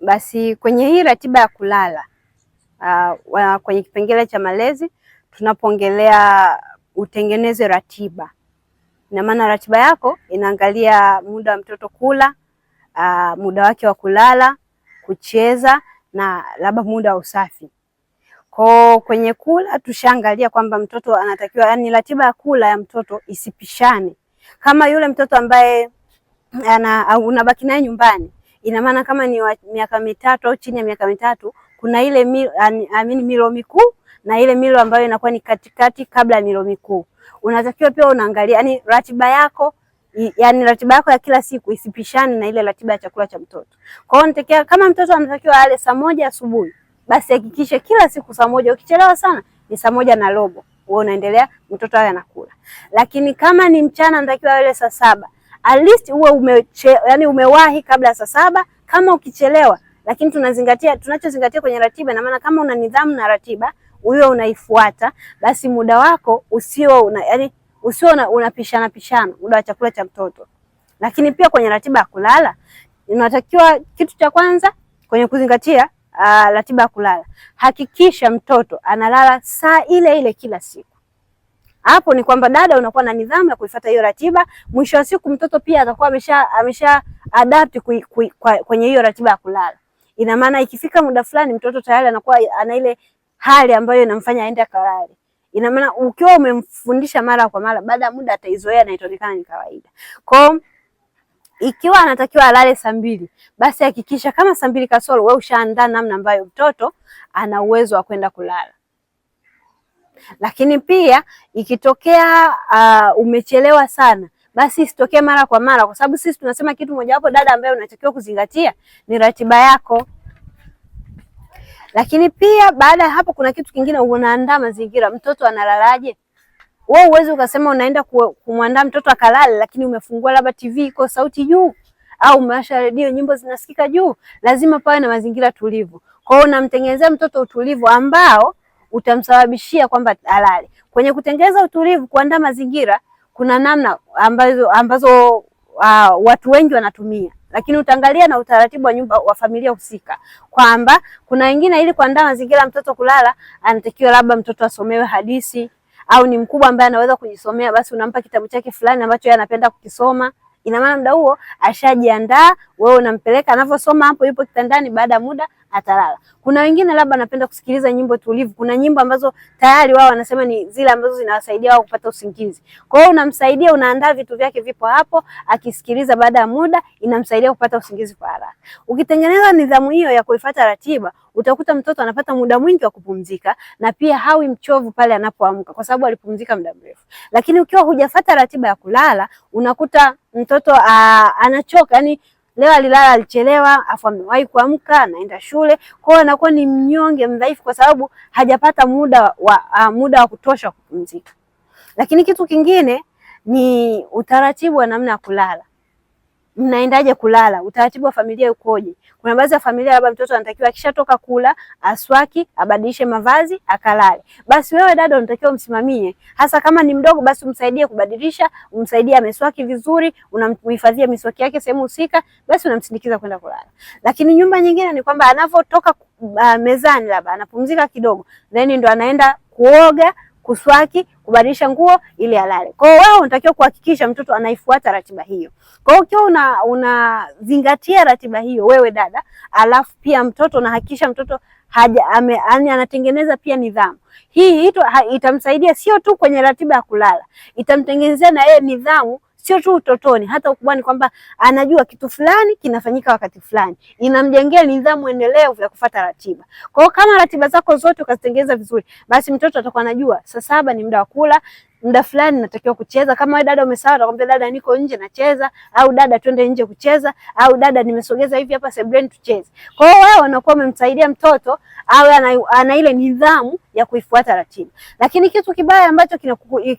Basi kwenye hii ratiba ya kulala uh, kwenye kipengele cha malezi tunapoongelea utengeneze ratiba, ina maana ratiba yako inaangalia muda wa mtoto kula, uh, muda wake wa kulala, kucheza na labda muda wa usafi. Kwa kwenye kula tushaangalia kwamba mtoto anatakiwa, yani ratiba ya kula ya mtoto isipishane. Kama yule mtoto ambaye ana unabaki naye nyumbani Ina maana kama ni wa miaka mitatu au chini ya miaka mitatu, kuna ile milo, amini milo mikuu na ile milo ambayo inakuwa ni katikati kabla ya milo mikuu. Unatakiwa pia unaangalia yani ratiba yako yani ratiba yako ya kila siku isipishane na ile ratiba ya chakula cha mtoto. Kwa hiyo nitakia kama mtoto anatakiwa ale saa moja asubuhi, basi hakikisha kila siku saa moja. Ukichelewa sana ni saa moja na robo, wewe unaendelea mtoto awe anakula. Lakini kama ni mchana anatakiwa ale saa saba at least uwe umeche, yani umewahi kabla ya saa saba kama ukichelewa, lakini tunazingatia tunachozingatia kwenye ratiba, na maana kama una nidhamu na ratiba huyo unaifuata, basi muda wako usio una, yani usio una, unapishana pishana muda wa chakula cha mtoto. Lakini pia kwenye ratiba ya kulala unatakiwa kitu cha kwanza kwenye kuzingatia uh, ratiba ya kulala, hakikisha mtoto analala saa ile ile kila siku. Hapo ni kwamba dada unakuwa na nidhamu ya kuifuata hiyo ratiba. Mwisho wa siku mtoto pia atakuwa amesha amesha adapt kui, kui, kwa, kwenye hiyo ratiba ya kulala. Ina maana ikifika muda fulani mtoto tayari anakuwa ana ile hali ambayo inamfanya aende kalale. Ina maana ukiwa umemfundisha mara kwa mara, baada ya muda ataizoea na itaonekana ni kawaida. Kwa ikiwa anatakiwa alale saa mbili, basi hakikisha kama saa mbili kasoro wewe ushaandaa namna ambayo mtoto ana uwezo wa kwenda kulala. Lakini pia ikitokea uh, umechelewa sana basi isitokee mara kwa mara, kwa sababu sisi tunasema kitu mojawapo, dada, ambaye unatakiwa kuzingatia ni ratiba yako. Lakini pia baada ya hapo, kuna kitu kingine, unaandaa mazingira. Mtoto analalaje? Wewe uweze ukasema unaenda kumwandaa mtoto akalale, lakini umefungua labda TV iko sauti juu, au umewasha redio, nyimbo zinasikika juu. Lazima pawe na mazingira tulivu. Kwa hiyo unamtengenezea mtoto utulivu ambao utamsababishia kwamba alale. Kwenye kutengeneza utulivu, kuandaa mazingira, kuna namna ambazo, ambazo uh, watu wengi wanatumia lakini utaangalia na utaratibu wa nyumba wa familia husika, kwamba kuna wengine, ili kuandaa mazingira mtoto kulala, anatakiwa labda mtoto asomewe hadithi, au ni mkubwa ambaye anaweza kujisomea, basi unampa kitabu chake fulani ambacho yeye anapenda kukisoma. Ina maana muda huo ashajiandaa, wewe unampeleka, anavyosoma hapo, yupo kitandani, baada ya muda atalala. Kuna wengine labda anapenda kusikiliza nyimbo tulivu. Kuna nyimbo ambazo tayari wao wanasema ni zile ambazo zinawasaidia wao kupata usingizi. Kwa hiyo unamsaidia, unaandaa vitu vyake, vipo hapo, akisikiliza, baada ya muda inamsaidia kupata usingizi kwa haraka. Ukitengeneza nidhamu hiyo ya kuifuata ratiba, utakuta mtoto anapata muda mwingi wa kupumzika na pia hawi mchovu pale anapoamka, kwa sababu alipumzika muda mrefu. Lakini ukiwa hujafata ratiba ya kulala, unakuta mtoto aa, anachoka yani leo alilala alichelewa, afu amewahi kuamka, anaenda shule kwao, anakuwa ni mnyonge, mdhaifu, kwa sababu hajapata muda wa a, muda wa kutosha kupumzika. Lakini kitu kingine ni utaratibu wa namna ya kulala mnaendaje kulala, utaratibu wa familia ukoje. Kuna baadhi ya familia labda mtoto anatakiwa akishatoka kula aswaki, abadilishe mavazi, akalale. Basi wewe dada unatakiwa umsimamie, hasa kama ni mdogo, basi umsaidie kubadilisha, umsaidie ameswaki vizuri, unamhifadhia miswaki yake sehemu husika, basi unamsindikiza kwenda kulala. Lakini nyumba nyingine ni kwamba anavyotoka uh, mezani labda anapumzika kidogo, then ndo anaenda kuoga kuswaki, kubadilisha nguo ili alale. Kwa hiyo wewe unatakiwa kuhakikisha mtoto anaifuata ratiba hiyo. Kwa hiyo ukiwa una unazingatia ratiba hiyo wewe dada, alafu pia mtoto unahakikisha mtoto haja ame, anatengeneza pia nidhamu hii ito, ha, itamsaidia sio tu kwenye ratiba ya kulala, itamtengenezea na yeye nidhamu sio tu utotoni, hata ukubwani, kwamba anajua kitu fulani kinafanyika wakati fulani, inamjengea nidhamu endelevu ya kufata ratiba. Kwa hiyo kama ratiba zako zote ukazitengeneza vizuri, basi mtoto atakuwa anajua saa saba ni muda wa kula, muda fulani natakiwa kucheza. Kama wewe dada umesahau, nakwambia dada, niko nje nacheza, au dada, twende nje kucheza, au dada, nimesogeza hivi hapa sebleni tucheze. Kwa hiyo wewe unakuwa umemsaidia mtoto awe ana, ana ile nidhamu ya kuifuata ratiba. Lakini kitu kibaya ambacho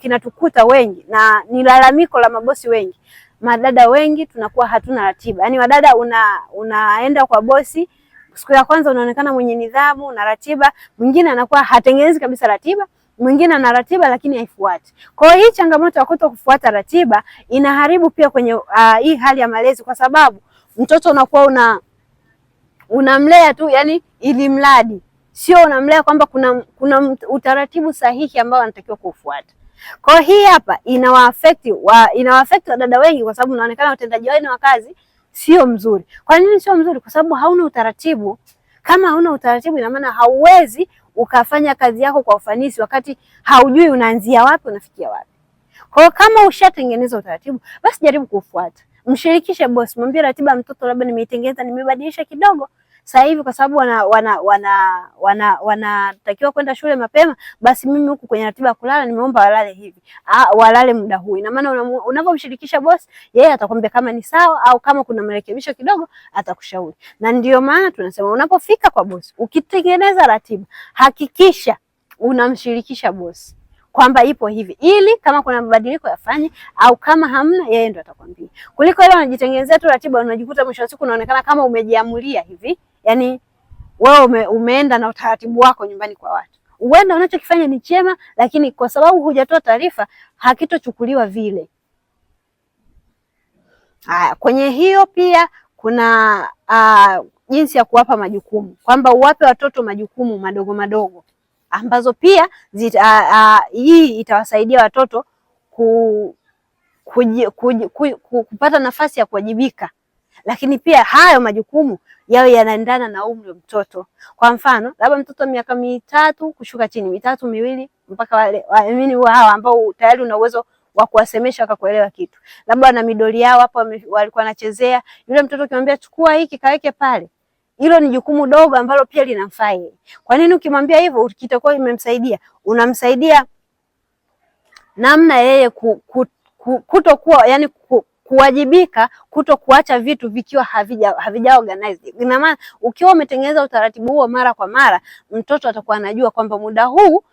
kinatukuta wengi na ni lalamiko la mabosi wengi, madada wengi tunakuwa hatuna ratiba. Yaani wadada una, unaenda kwa bosi siku ya kwanza unaonekana mwenye nidhamu na ratiba, mwingine anakuwa hatengenezi kabisa ratiba mwingine ana ratiba lakini haifuati. Kwa hiyo hii changamoto ya kuto kufuata ratiba inaharibu pia kwenye uh, hii hali ya malezi, kwa sababu mtoto unakuwa una unamlea tu yani ili mradi, sio unamlea kwamba kuna, kuna utaratibu sahihi ambao anatakiwa kuufuata. Kwa hiyo hii hapa inawaaffect wa, inawaaffect wadada wengi, kwa sababu unaonekana utendaji wao wa kazi sio mzuri. Kwa nini sio mzuri? Kwa sababu hauna utaratibu kama hauna utaratibu, ina maana hauwezi ukafanya kazi yako kwa ufanisi, wakati haujui unaanzia wapi unafikia wapi. Kwa hiyo kama ushatengeneza utaratibu, basi jaribu kufuata. Mshirikishe bosi, mwambie ratiba mtoto labda nimeitengeneza, nimebadilisha kidogo sasa hivi kwa sababu wana wanatakiwa wana, wana, wana kwenda shule mapema, basi mimi huku kwenye ratiba ya kulala nimeomba walale hivi ah, walale muda huu. Ina maana unavyomshirikisha bosi, yeye atakwambia kama ni sawa au kama kuna marekebisho kidogo atakushauri. Na ndio maana tunasema unapofika kwa bosi, ukitengeneza ratiba, hakikisha unamshirikisha bosi kwamba ipo hivi ili kama kuna mabadiliko yafanye, au kama hamna, yeye ndo atakwambia, kuliko ile unajitengenezea tu ratiba, unajikuta mwisho wa siku unaonekana kama umejiamulia hivi yani wewe ume, umeenda na utaratibu wako nyumbani kwa watu. Uenda unachokifanya ni chema, lakini kwa sababu hujatoa taarifa hakitochukuliwa vile. Aa, kwenye hiyo pia kuna aa, jinsi ya kuwapa majukumu kwamba uwape watoto majukumu madogo madogo ambazo pia zita, a, a, hii itawasaidia watoto ku, kuj, kuj, kuj, kuj, kupata nafasi ya kuwajibika lakini pia hayo majukumu yawe yanaendana na umri wa mtoto. Kwa mfano, labda mtoto miaka mitatu kushuka chini, mitatu miwili mpaka wale waamini wao ambao tayari una uwezo wa kuwasemesha wakakuelewa kitu, labda wana midoli yao hapo walikuwa wanachezea. Yule mtoto ukimwambia chukua hiki kaweke pale, hilo ni jukumu dogo ambalo pia linamfaa yeye. Kwa nini? Ukimwambia hivyo, ukitakuwa imemsaidia, unamsaidia namna yeye ku, ku, ku, kutokuwa yani ku, kuwajibika kuto kuacha vitu vikiwa havija, havija organized. Ina maana ukiwa umetengeneza utaratibu huo mara kwa mara, mtoto atakuwa anajua kwamba muda huu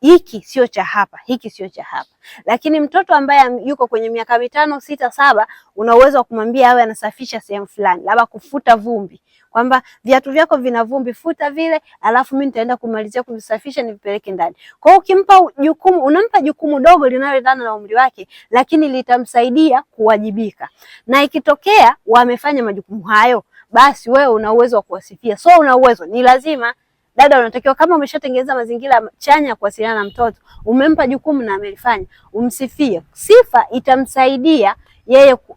hiki sio cha hapa, hiki sio cha hapa. Lakini mtoto ambaye yuko kwenye miaka mitano, sita, saba, una uwezo wa kumwambia awe anasafisha sehemu fulani, labda kufuta vumbi, kwamba viatu vyako vina vumbi, futa vile, alafu mimi nitaenda kumalizia kuvisafisha nivipeleke ndani. Kwa hiyo ukimpa jukumu, unampa jukumu dogo linaloendana na umri wake, lakini litamsaidia kuwajibika, na ikitokea wamefanya majukumu hayo, basi wewe una uwezo wa kuwasifia. So una uwezo, ni lazima dada unatakiwa kama umeshatengeneza mazingira chanya ya kuwasiliana na mtoto, umempa jukumu na amelifanya, umsifie. Sifa itamsaidia yeye ku,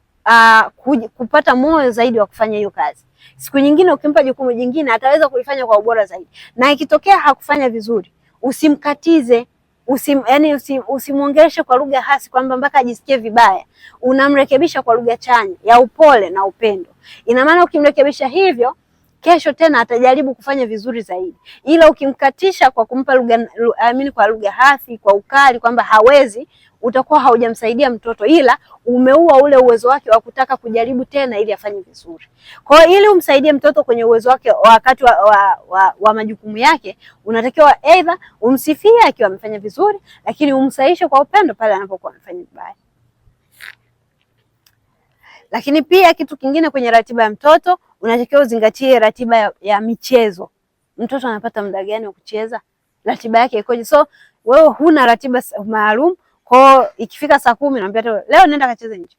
uh, kupata moyo zaidi wa kufanya hiyo kazi. Siku nyingine ukimpa jukumu jingine ataweza kulifanya kwa ubora zaidi, na ikitokea hakufanya vizuri, usimkatize usim, yani usim, usimwongeleshe kwa lugha hasi kwamba mpaka ajisikie vibaya. Unamrekebisha kwa lugha chanya ya upole na upendo. Ina maana ukimrekebisha hivyo kesho tena atajaribu kufanya vizuri zaidi, ila ukimkatisha kwa kumpa lugha amini, kwa lugha hasi, kwa ukali kwamba hawezi, utakuwa haujamsaidia mtoto, ila umeua ule uwezo wake wa kutaka kujaribu tena ili afanye vizuri. Kwa hiyo ili umsaidie mtoto kwenye uwezo wake wakati wa, wa, wa, wa majukumu yake, unatakiwa aidha umsifie akiwa amefanya vizuri, lakini umsaishe kwa upendo pale anapokuwa amefanya vibaya. Lakini pia kitu kingine kwenye ratiba ya mtoto unatakiwa uzingatie ratiba ya, ya michezo. Mtoto anapata muda gani wa kucheza? Ratiba yake ikoje? So wewe huna ratiba maalum kwao, ikifika saa kumi naambia leo nenda kacheze nje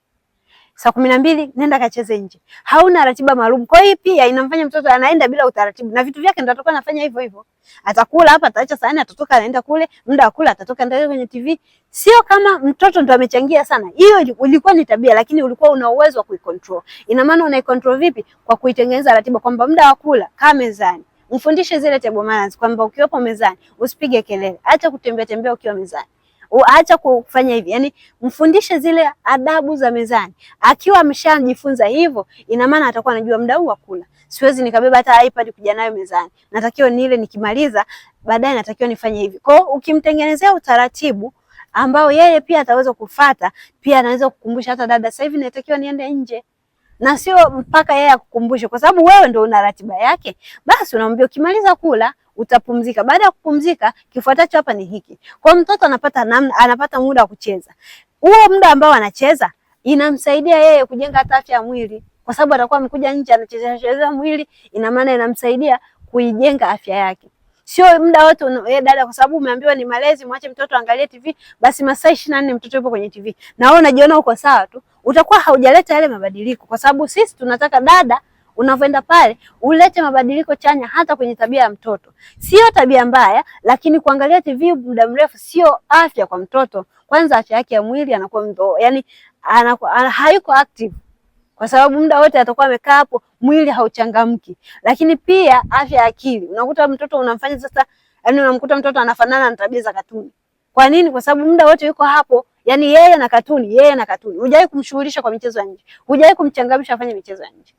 saa kumi na mbili nenda kacheze nje, hauna ratiba maalum. Kwa hiyo pia inamfanya mtoto anaenda bila utaratibu, na vitu vyake ndo atakuwa anafanya hivyo hivyo. Atakula hapa, ataacha sahani, atatoka anaenda kule, muda wa kula atatoka ndio kwenye TV. Sio kama mtoto ndo amechangia sana, hiyo ilikuwa ni tabia, lakini ulikuwa una uwezo wa kuicontrol. Ina maana unaicontrol vipi? Kwa kuitengeneza ratiba kwamba muda wa kula kaa mezani, mfundishe zile table manners kwamba ukiwepo mezani usipige kelele, acha kutembea tembea ukiwa mezani acha kufanya hivi, yani mfundishe zile adabu za mezani. Akiwa ameshajifunza hivyo, ina maana atakuwa anajua muda huu wa kula. Siwezi nikabeba hata iPad kuja nayo mezani, natakiwa nile, nikimaliza baadaye natakiwa nifanye hivi. Kwa hiyo ukimtengenezea utaratibu ambao yeye pia ataweza kufata, pia anaweza kukumbusha hata dada, sasa hivi natakiwa niende nje na sio mpaka yeye akukumbushe, kwa sababu wewe ndio una ratiba yake. Basi unamwambia ukimaliza kula utapumzika. Baada ya kupumzika, kifuatacho hapa ni hiki. Kwa mtoto anapata namna, anapata muda wa kucheza. Huo muda ambao anacheza inamsaidia yeye kujenga afya ya mwili, kwa sababu atakuwa amekuja nje anachezea chezea mwili, ina maana inamsaidia kuijenga afya yake. Sio muda wote eh, dada, kwa sababu umeambiwa ni malezi, mwache mtoto angalie TV, basi masaa 24 mtoto yupo kwenye TV na wewe unajiona uko sawa tu, utakuwa haujaleta yale mabadiliko, kwa sababu sisi tunataka dada Unavyoenda pale ulete mabadiliko chanya hata kwenye tabia ya mtoto. Sio tabia mbaya, lakini kuangalia TV muda mrefu sio afya kwa mtoto. Kwanza afya yake ya mwili anakuwa mdo, yani anakuwa hayuko active kwa sababu muda wote atakuwa amekaa hapo, mwili hauchangamki. Lakini pia afya ya akili, unakuta mtoto unamfanya sasa, yani unamkuta mtoto anafanana na tabia za katuni. Kwa nini? Kwa sababu muda wote yuko hapo, yani yeye na katuni, yeye na katuni. Hujawahi kumshughulisha kwa michezo ya nje, hujawahi kumchangamsha afanye michezo ya nje.